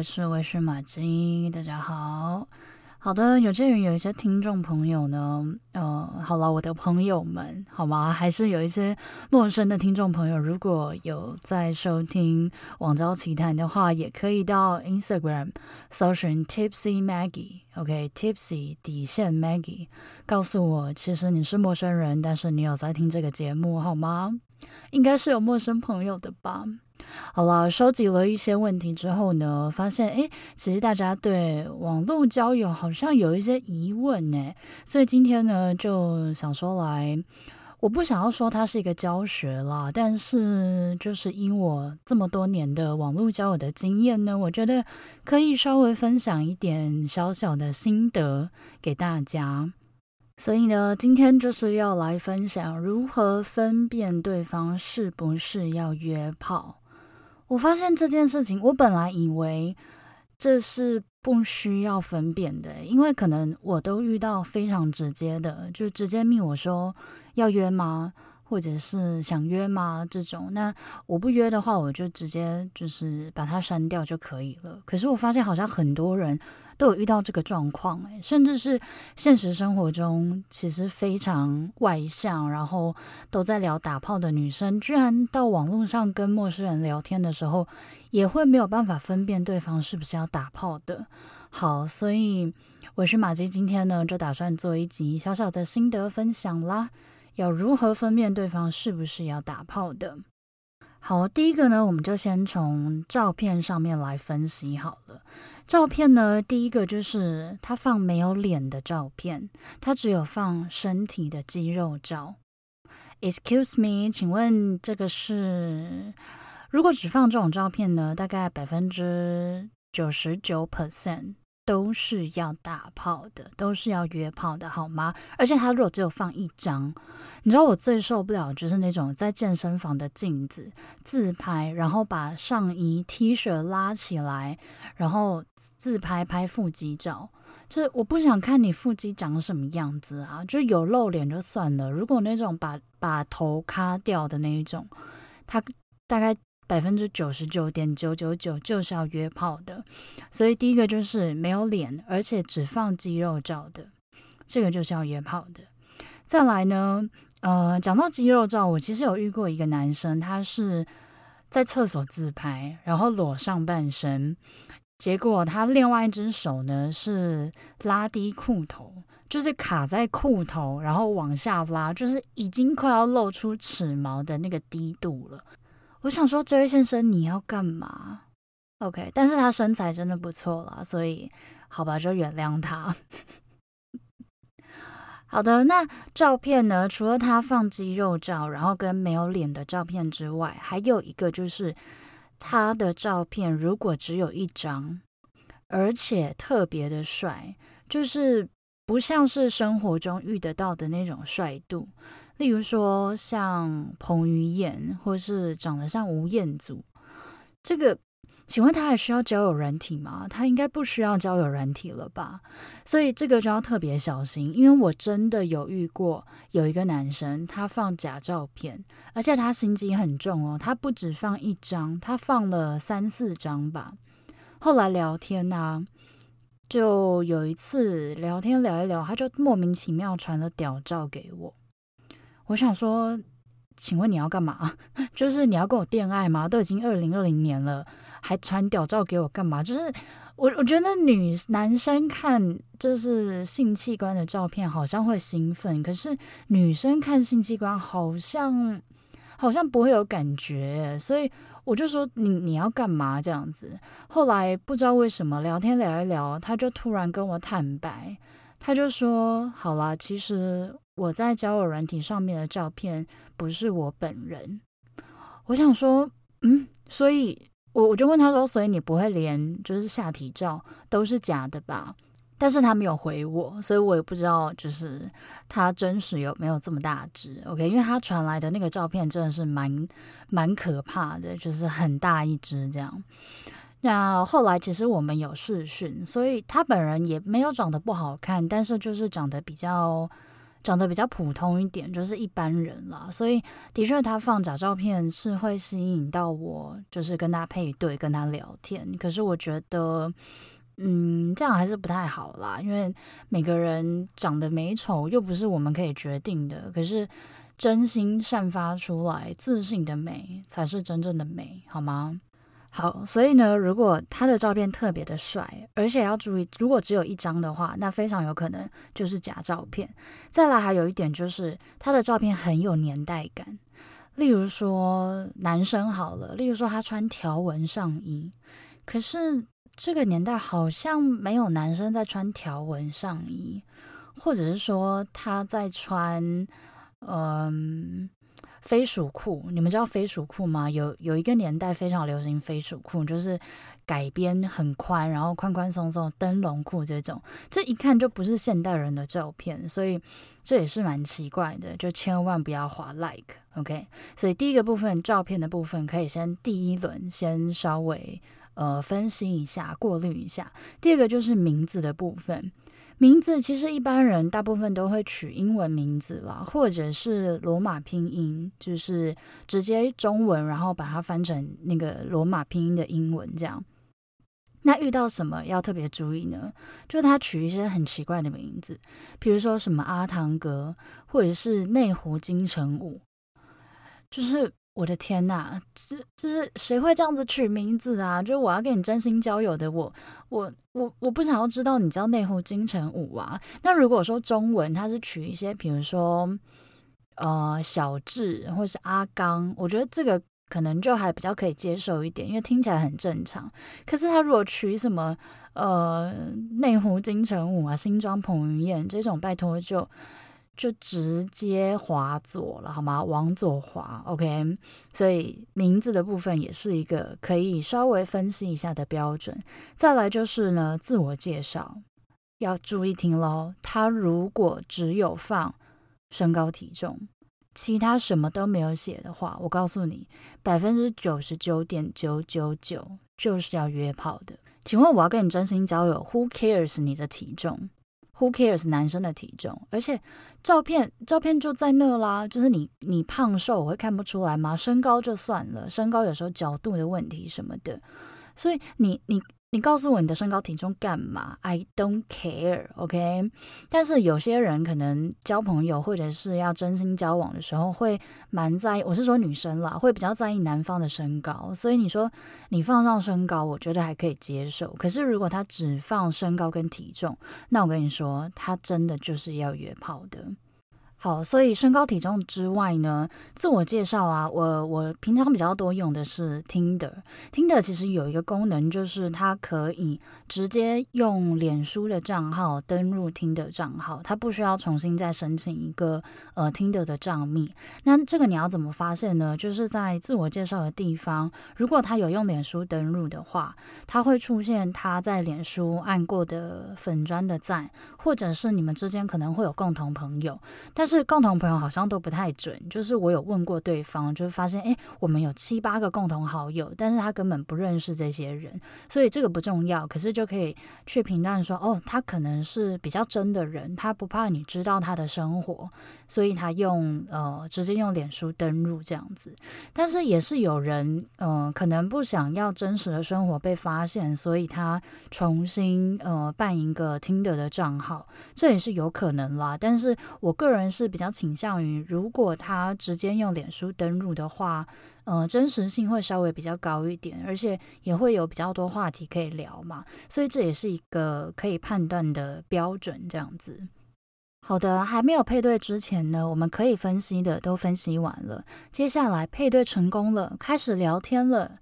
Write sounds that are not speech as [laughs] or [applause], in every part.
我是，我是微醺瑪姬，大家好。好的，有鑒於有一些聽眾朋友呢，呃，好了，我的朋友們，好嗎？還是有一些陌生的聽眾朋友，如果有在收聽《網昭奇談》的話，也可以到 Instagram 搜尋 Tipsy Maggie，OK，Tipsy、okay? 底線 Maggie，告訴我，其實你是陌生人，但是你有在聽這個節目，好嗎？應該是有陌生朋友的吧。好了，收集了一些問題之後呢，發現誒、欸，其實大家對網絡交友好像有一些疑問誒、欸，所以今天呢，就想說來，我不想要說它是一個教學啦，但是就是以我這麼多年的網絡交友的經驗呢，我覺得可以稍微分享一點小小的心得給大家。所以呢，今天就是要來分享如何分辨對方是不是要約炮。我發現這件事情，我本來以為這是不需要分辨的，因為可能我都遇到非常直接的，就直接密我說要約嗎？或者是想約嗎？這種。那我不約的話，我就直接就是把它刪掉就可以了。可是我發現好像很多人。都有遇到這個狀況哎，甚至是現實生活中其實非常外向，然後都在聊打炮的女生，居然到網絡上跟陌生人聊天的時候，也會沒有辦法分辨對方是不是要打炮的。好，所以我是瑪姬，今天呢就打算做一集小小的心得分享啦，要如何分辨對方是不是要打炮的？好，第一個呢，我們就先從照片上面來分析好了。照片呢，第一個就是他放沒有臉的照片，他只有放身體的肌肉照。Excuse me，請問這個是？如果只放這種照片呢，大概百分之九十九 percent。都是要打炮的，都是要約炮的，好嗎？而且他如果只有放一張，你知道我最受不了就是那種在健身房的鏡子自拍，然後把上衣 T 恤拉起來，然後自拍拍腹肌照，就是我不想看你腹肌長什麼樣子啊！就有露臉就算了，如果那種把把頭咔掉的那一種，他大概，百分之九十九點九九九就是要約炮的，所以第一個就是沒有臉，而且只放肌肉照的，這個就是要約炮的。再來呢，呃，講到肌肉照，我其實有遇過一個男生，他是在廁所自拍，然後裸上半身，結果他另外一隻手呢是拉低褲頭，就是卡在褲頭，然後往下拉，就是已經快要露出恥毛的那個低度了。我想說，這位先生你要幹嘛？OK，但是他身材真的不錯啦，所以好吧，就原諒他。 [laughs] 好的，那照片呢？除了他放肌肉照，然後跟沒有臉的照片之外，還有一個就是他的照片，如果只有一張，而且特別的帥，就是不像是生活中遇得到的那種帥度。例如說，像彭於晏，或是長得像吳彥祖，這個，請問他還需要交友軟體嗎？他應該不需要交友軟體了吧？所以這個就要特別小心，因為我真的有遇過有一個男生，他放假照片，而且他心機很重哦，他不止放一張，他放了三四張吧。後來聊天啊，就有一次聊天聊一聊，他就莫名其妙傳了屌照給我。我想說，請問你要幹嘛？就是你要跟我戀愛嗎？都已經二零二零年了，還傳屌照給我幹嘛？就是我我覺得女男生看就是性器官的照片好像會興奮，可是女生看性器官好像好像不會有感覺，所以我就說你你要幹嘛這樣子。後來不知道為什麼聊天聊一聊，他就突然跟我坦白，他就說：“好啦，其實。”我在交友軟體上面的照片不是我本人。我想說，嗯，所以我我就問他說，所以你不會連就是下體照都是假的吧？但是他沒有回我，所以我也不知道，就是他真實有沒有這麼大只。OK，因為他傳來的那個照片真的是蠻蠻可怕的，就是很大一只這樣。那後來其實我們有視訊，所以他本人也沒有長得不好看，但是就是長得比較。長得比較普通一點，就是一般人啦，所以的確他放假照片是會吸引到我，就是跟他配對、跟他聊天。可是我覺得，嗯，這樣還是不太好啦，因為每個人長得美醜又不是我們可以決定的。可是真心散發出來自信的美，才是真正的美，好嗎？好，所以呢，如果他的照片特別的帥，而且要注意，如果只有一張的話，那非常有可能就是假照片。再來，還有一點就是，他的照片很有年代感。例如說，男生好了，例如說他穿條紋上衣，可是這個年代好像沒有男生在穿條紋上衣，或者是說他在穿，嗯、呃、飛鼠褲，你們知道飛鼠褲嗎？有有一個年代非常流行飛鼠褲，就是改編很寬，然後寬寬鬆鬆燈籠褲這種，這一看就不是現代人的照片，所以這也是蠻奇怪的，就千萬不要滑 like，OK？、Okay? 所以第一個部分照片的部分可以先第一輪先稍微呃分析一下，過濾一下。第二個就是名字的部分。名字其實一般人大部分都會取英文名字啦，或者是羅馬拼音，就是直接中文，然後把它翻成那個羅馬拼音的英文這樣。那遇到什麼要特別注意呢？就是他取一些很奇怪的名字，比如說什麼阿湯哥，或者是內湖金城武，就是。我的天吶、啊，這這是誰會這樣子取名字啊？就是我要跟你真心交友的，我，我我我不想要知道你叫內湖金城武啊。那如果說中文，他是取一些，比如說呃小智或是阿剛，我覺得這個可能就還比較可以接受一點，因為聽起來很正常。可是他如果取什麼呃內湖金城武啊、新莊彭於晏這種，拜託就。就直接滑左了，好嗎？往左滑，OK。所以名字的部分也是一個可以稍微分析一下的標準。再來就是呢，自我介紹要注意聽嘍。他如果只有放身高體重，其他什麼都沒有寫的話，我告訴你，百分之九十九點九九九就是要約炮的。請問我要跟你真心交友，Who cares 你的體重？Who cares 男生的體重？而且照片，照片就在那啦，就是你你胖瘦我會看不出來嗎？身高就算了，身高有時候角度的問題什麼的，所以你你。你告訴我你的身高體重幹嘛？I don't care，OK。但是有些人可能交朋友或者是要真心交往的時候，會蠻在意。我是說女生啦，會比較在意男方的身高。所以你說你放上身高，我覺得還可以接受。可是如果他只放身高跟體重，那我跟你說，他真的就是要約炮的。好，所以身高體重之外呢，自我介紹啊，我我平常比較多用的是 Tinder，Tinder 其實有一個功能，就是它可以直接用臉書的賬號登錄 Tinder 賬號，它不需要重新再申請一個呃 Tinder 的賬密。那這個你要怎麼發現呢？就是在自我介紹的地方，如果他有用臉書登錄的話，他會出現他在臉書按過的粉專的讚，或者是你們之間可能會有共同朋友，但。但是共同朋友好像都不太準，就是我有問過對方，就是發現哎、欸，我們有七八個共同好友，但是他根本不認識這些人，所以這個不重要。可是就可以去評斷說，哦，他可能是比較真的人，他不怕你知道他的生活，所以他用呃直接用臉書登入這樣子。但是也是有人呃可能不想要真實的生活被發現，所以他重新呃辦一個 Tinder 的賬號，這也是有可能啦。但是我個人是。是比較傾向於，如果他直接用臉書登錄的話，呃，真實性會稍微比較高一點，而且也會有比較多話題可以聊嘛，所以這也是一個可以判斷的標準。這樣子，好的，還沒有配對之前呢，我們可以分析的都分析完了，接下來配對成功了，開始聊天了，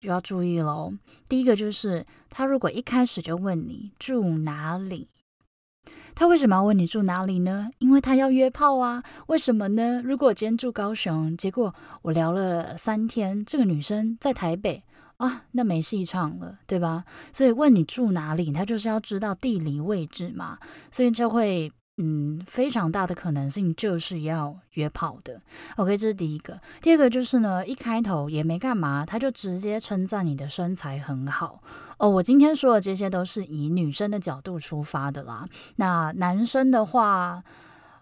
就要注意嘍。第一個就是，他如果一開始就問你，住哪裡？他為什麼要問你住哪裡呢？因為他要約炮啊！為什麼呢？如果我今天住高雄，結果我聊了三天，這個女生在台北啊，那沒戲唱了，對吧？所以問你住哪裡，他就是要知道地理位置嘛，所以就會。嗯，非常大的可能性就是要約炮的。OK，這是第一個。第二個就是呢，一開頭也沒幹嘛，他就直接稱讚你的身材很好。哦，我今天說的這些都是以女生的角度出發的啦。那男生的話。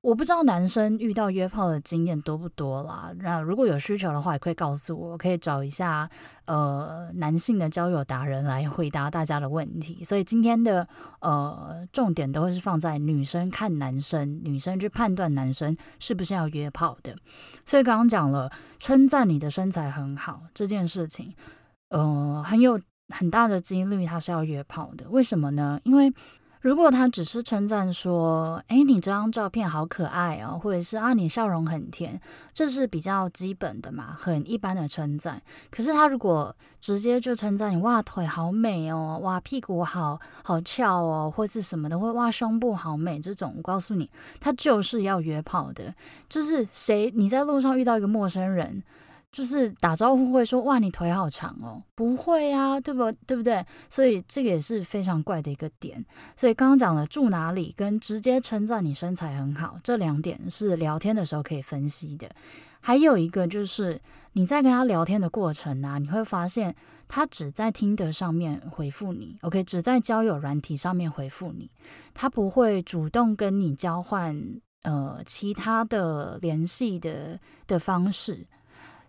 我不知道男生遇到約炮的經驗多不多啦，那如果有需求的話，也可以告訴我，我可以找一下呃男性的交友達人來回答大家的問題。所以今天的呃重點都會是放在女生看男生，女生去判斷男生是不是要約炮的。所以剛剛講了稱讚你的身材很好這件事情，呃，很有很大的幾率他是要約炮的，為什麼呢？因為如果他只是稱讚說：“哎、欸，你這張照片好可愛哦，或者是啊，你笑容很甜，這是比較基本的嘛，很一般的稱讚。可是他如果直接就稱讚你哇，腿好美哦，哇，屁股好好翹哦，或是什麼的，或哇，胸部好美這種，我告訴你，他就是要約炮的，就是誰你在路上遇到一個陌生人。”就是打招呼會說哇你腿好長哦，不會啊，對不對？不對，所以這個也是非常怪的一個點。所以剛剛講了住哪裡跟直接稱讚你身材很好，這兩點是聊天的時候可以分析的。還有一個就是你在跟他聊天的過程啊，你會發現他只在聽得上面回覆你，OK，只在交友軟體上面回覆你，他不會主動跟你交換呃其他的聯繫的的方式。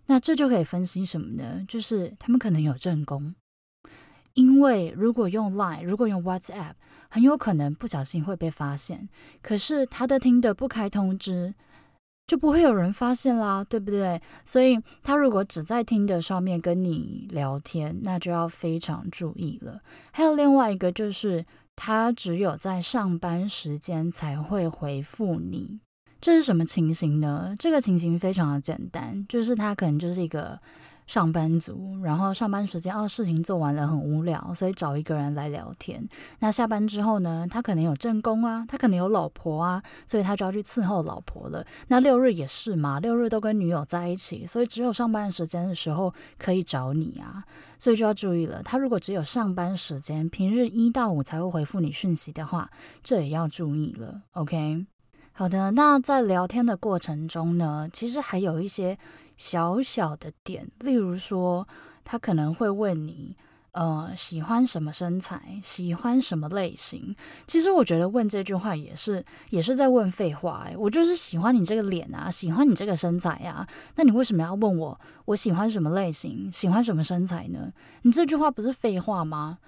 那這就可以分析什麼呢？就是他們可能有正宮，因為如果用 Line，如果用 WhatsApp，很有可能不小心會被發現。可是他的 Tinder 不開通知，就不會有人發現啦，對不對？所以他如果只在 Tinder 上面跟你聊天，那就要非常注意了。還有另外一個就是，他只有在上班時間才會回復你。這是什麼情形呢？這個情形非常的簡單，就是他可能就是一個上班族，然後上班時間哦、啊、事情做完了很無聊，所以找一個人來聊天。那下班之後呢，他可能有正宮啊，他可能有老婆啊，所以他就要去伺候老婆了。那六日也是嘛，六日都跟女友在一起，所以只有上班時間的時候可以找你啊，所以就要注意了。他如果只有上班時間，平日一到五才會回復你訊息的話，這也要注意了。OK。好的，那在聊天的過程中呢，其實還有一些小小的點，例如說他可能會問你，呃，喜歡什麼身材，喜歡什麼類型。其實我覺得問這句話也是，也是在問廢話，欸。我就是喜歡你這個臉啊，喜歡你這個身材呀，啊。那你為什麼要問我，我喜歡什麼類型，喜歡什麼身材呢？你這句話不是廢話嗎？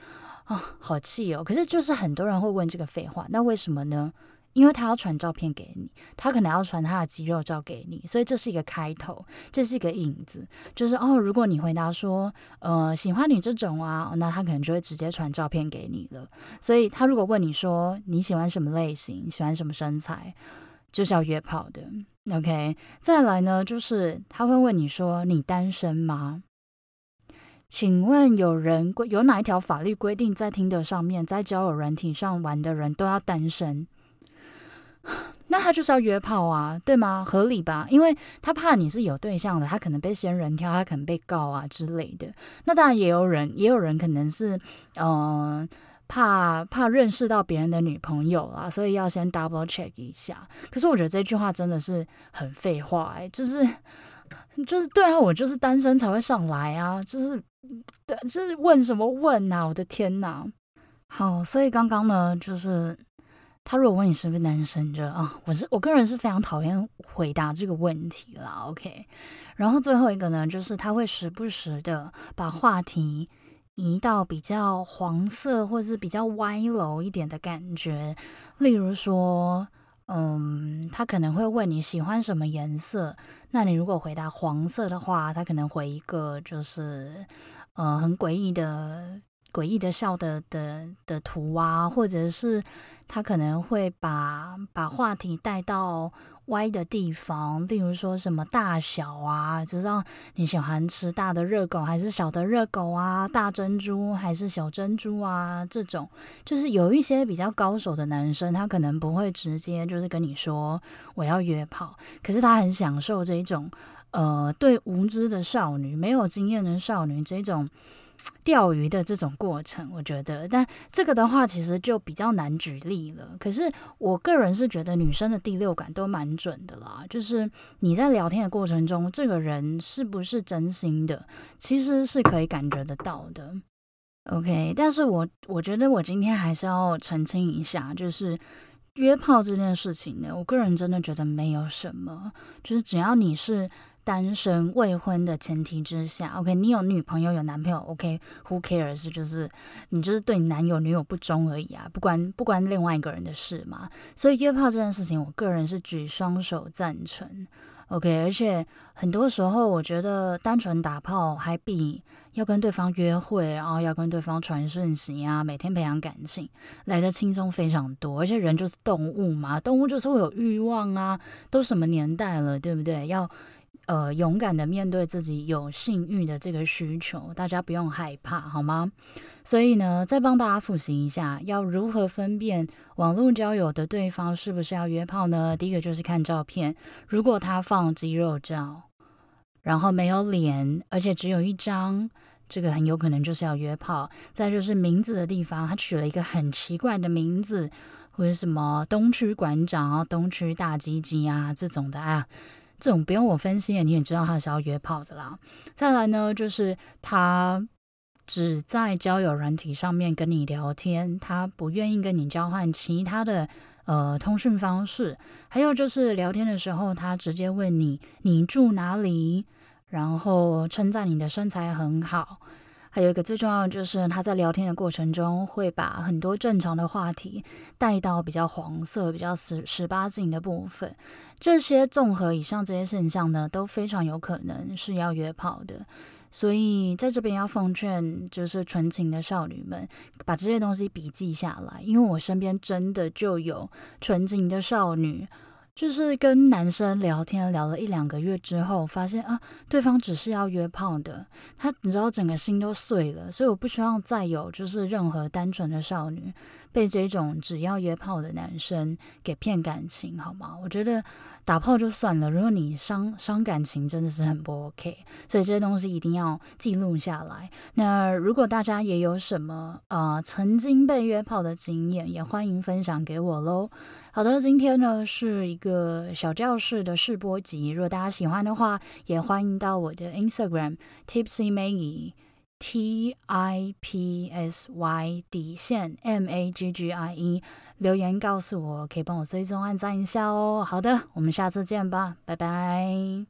啊，好氣哦，喔！可是就是很多人會問這個廢話，那為什麼呢？因為他要傳照片給你，他可能要傳他的肌肉照給你，所以這是一個開頭，這是一個引子，就是哦，如果你回答說，呃，喜歡你這種啊，那他可能就會直接傳照片給你了。所以他如果問你說你喜歡什麼類型，喜歡什麼身材，就是要約炮的。OK，再來呢，就是他會問你說你單身嗎？請問有人規有哪一條法律規定，在 Tinder 上面，在交友軟體上玩的人都要單身？那他就是要約炮啊，對嗎？合理吧？因為他怕你是有對象的，他可能被仙人跳，他可能被告啊之類的。那當然也有人，也有人可能是，嗯、呃，怕怕認識到別人的女朋友啊，所以要先 double check 一下。可是我覺得這句話真的是很廢話哎、欸，就是就是對啊，我就是單身才會上來啊，就是對，就是問什麼問啊？我的天吶、啊，好，所以剛剛呢，就是。他如果問你是不是男生，你就，啊，我是，我個人是非常討厭回答這個問題啦 OK，然後最後一個呢，就是他會時不時的把話題移到比較黃色或者是比較歪樓一點的感覺。例如說，嗯，他可能會問你喜歡什麼顏色，那你如果回答黃色的話，他可能回一個就是，呃，很詭異的。詭異的笑的的的圖啊，或者是他可能會把把話題帶到歪的地方，例如說什麼大小啊，就知道你喜歡吃大的熱狗還是小的熱狗啊，大珍珠還是小珍珠啊？這種就是有一些比較高手的男生，他可能不會直接就是跟你說我要約炮，可是他很享受這一種呃對無知的少女、沒有經驗的少女這種釣魚的這種過程，我覺得，但這個的話，其實就比較難舉例了。可是我個人是覺得女生的第六感都蠻準的啦，就是你在聊天的過程中，這個人是不是真心的，其實是可以感覺得到的。OK，但是我我覺得我今天還是要澄清一下，就是約炮這件事情呢，我個人真的覺得沒有什麼，就是只要你是。單身未婚的前提之下，OK，你有女朋友有男朋友，OK，who cares？就是你就是對你男友女友不忠而已啊，不關不關另外一個人的事嘛。所以約炮這件事情，我個人是舉雙手贊成，OK。而且很多時候我覺得，單純打炮還比要跟對方約會，然後要跟對方傳訊息啊，每天培養感情來得輕鬆非常多。而且人就是動物嘛，動物就是會有欲望啊，都什麼年代了，對不對？要呃，勇敢地面對自己有性慾的這個需求，大家不用害怕，好嗎？所以呢，再幫大家復習一下，要如何分辨網絡交友的對方是不是要約炮呢？第一個就是看照片，如果他放肌肉照，然後沒有臉，而且只有一張，這個很有可能就是要約炮。再就是名字的地方，他取了一個很奇怪的名字，或者什麼“東區館長”機機啊、“東區大雞雞”啊這種的啊。這種不用我分析，你也知道他是要約炮的啦。再來呢，就是他只在交友軟體上面跟你聊天，他不願意跟你交換其他的呃通訊方式。還有就是聊天的時候，他直接問你，你住哪裡？然後稱讚你的身材很好。還有一個最重要的，就是他在聊天的過程中會把很多正常的話題帶到比較黃色、比較十十八禁的部分。這些綜合以上這些現象呢，都非常有可能是要約炮的。所以在這邊要奉勸，就是純情的少女們，把這些東西筆記下來，因為我身邊真的就有純情的少女。就是跟男生聊天聊了一兩個月之後，發現啊，對方只是要約炮的，他你知道整個心都碎了，所以我不希望再有就是任何單純的少女被這種只要約炮的男生給騙感情，好嗎？我覺得。打炮就算了，如果你傷傷感情，真的是很不 OK。所以這些東西一定要記錄下來。那如果大家也有什麼啊、呃，曾經被約炮的經驗，也歡迎分享給我嘍。好的，今天呢是一個小教室的試播集，如果大家喜歡的話，也歡迎到我的 Instagram Tipsy Maggie。T I P S Y 底線 M A G G I E 留言告訴我，可以幫我追蹤、按贊一下哦。好的，我們下次見吧，拜拜。